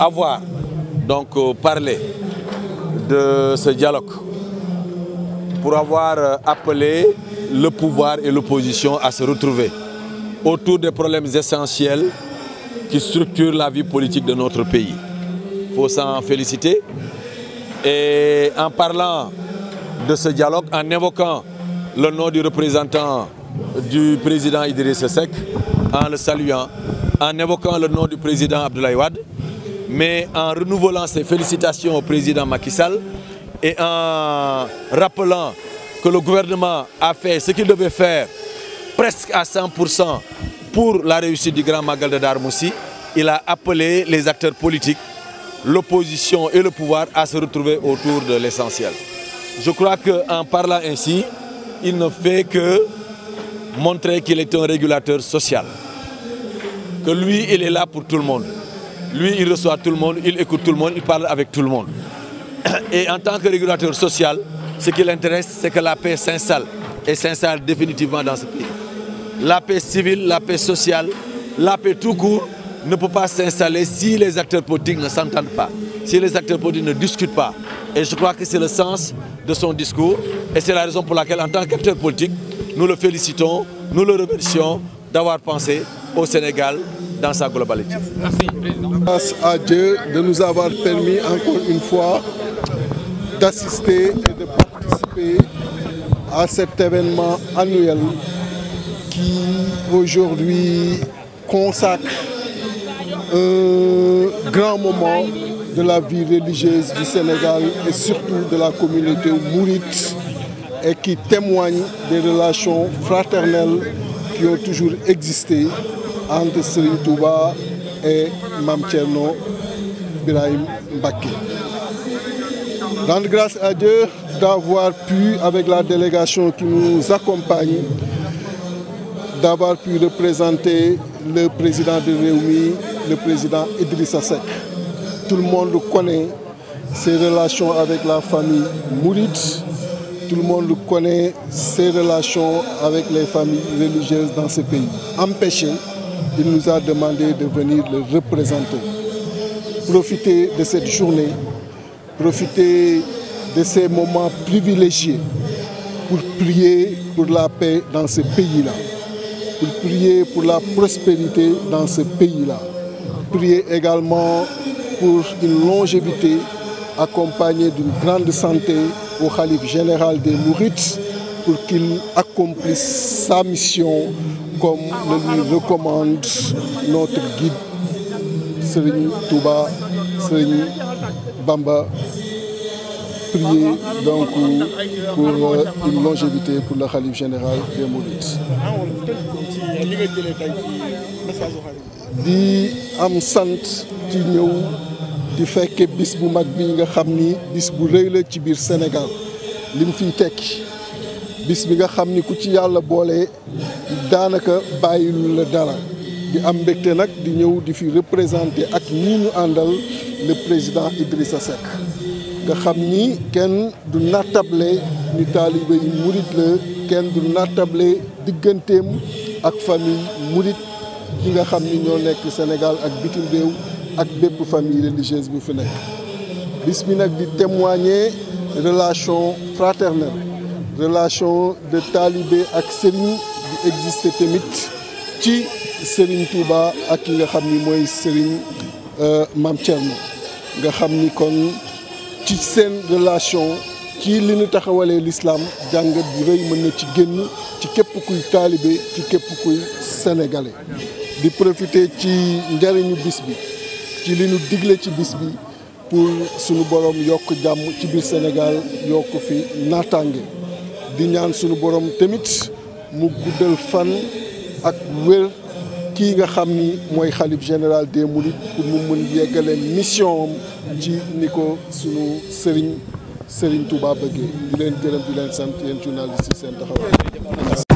avoir donc euh, parlé de ce dialogue, pour avoir euh, appelé le pouvoir et l'opposition à se retrouver autour des problèmes essentiels qui structurent la vie politique de notre pays. Il faut s'en féliciter. Et en parlant de ce dialogue, en évoquant le nom du représentant du président Idriss Seck, en le saluant, en évoquant le nom du président Abdoulaye Wade, mais en renouvelant ses félicitations au président Macky Sall et en rappelant que le gouvernement a fait ce qu'il devait faire presque à 100% pour la réussite du Grand Magal de Darmoussi, il a appelé les acteurs politiques, l'opposition et le pouvoir à se retrouver autour de l'essentiel. Je crois qu'en parlant ainsi, il ne fait que montrer qu'il est un régulateur social, que lui, il est là pour tout le monde. Lui, il reçoit tout le monde, il écoute tout le monde, il parle avec tout le monde. Et en tant que régulateur social, ce qui l'intéresse, c'est que la paix s'installe et s'installe définitivement dans ce pays. La paix civile, la paix sociale, la paix tout court ne peut pas s'installer si les acteurs politiques ne s'entendent pas, si les acteurs politiques ne discutent pas. Et je crois que c'est le sens de son discours et c'est la raison pour laquelle, en tant qu'acteur politique, nous le félicitons, nous le remercions d'avoir pensé au Sénégal dans sa globalité. Merci, Grâce à Dieu de nous avoir permis encore une fois d'assister et de participer à cet événement annuel qui aujourd'hui consacre un grand moment de la vie religieuse du Sénégal et surtout de la communauté mourite et qui témoigne des relations fraternelles qui ont toujours existé entre Touba et Mam Birahim Mbaké. Rendre grâce à Dieu d'avoir pu, avec la délégation qui nous accompagne, d'avoir pu représenter le président de Réumi, le président Idrissa Sek. Tout le monde connaît ses relations avec la famille Mourid. Tout le monde connaît ses relations avec les familles religieuses dans ce pays. Empêcher il nous a demandé de venir le représenter. Profitez de cette journée, profitez de ces moments privilégiés pour prier pour la paix dans ce pays-là, pour prier pour la prospérité dans ce pays-là, prier également pour une longévité accompagnée d'une grande santé au calife général des Mourites pour qu'il accomplisse sa mission comme le lui recommande notre guide Serigne Touba, Serigne Bamba. Prier donc pour euh, une longévité pour le Khalif général des Mourides. di am sant ci ñëw di fekke bis bu mag bi nga bis bu la ci Sénégal l'infitech bis bi nga xamni ku ci yalla bolé danaka bàyyilu la dara di am mbégte nak di ñew di fi représenter ak ñi ñu le président Idrissa Seck nga xamni du ni talibé yi murit le kenn du nattable digëntém ak famille mouride yi nga xamni ñoo nekk Sénégal ak bitim ak famille religieuse bu fi nekk di témoigner relation fraternelle relation de taalibe ak sëriñ bi existe tamit ci sëriñ Touba ak ki nga xam ni mooy sëriñ euh, Mame Thierno nga xam ni kon ci seen relation ci li nu taxawalee lislaam jàngat bu rëy mën na ci génn ci képp kuy taalibe ci képp kuy sénégalais di profiter ci njariñu bis bi ci li ñu digle ci bis bi pour sunu borom yokk jàmm ci biir Sénégal yokk fi naataange di ñaan sunu borom tamit mu guddal fan ak wér kii nga xam ni mooy xalif général des mourides pour mu mën yeggale mission am ci ni ko sunu sëriñ sëriñ Touba bëggee di leen gërëm di leen sant yéen journaliste yi seen taxawaay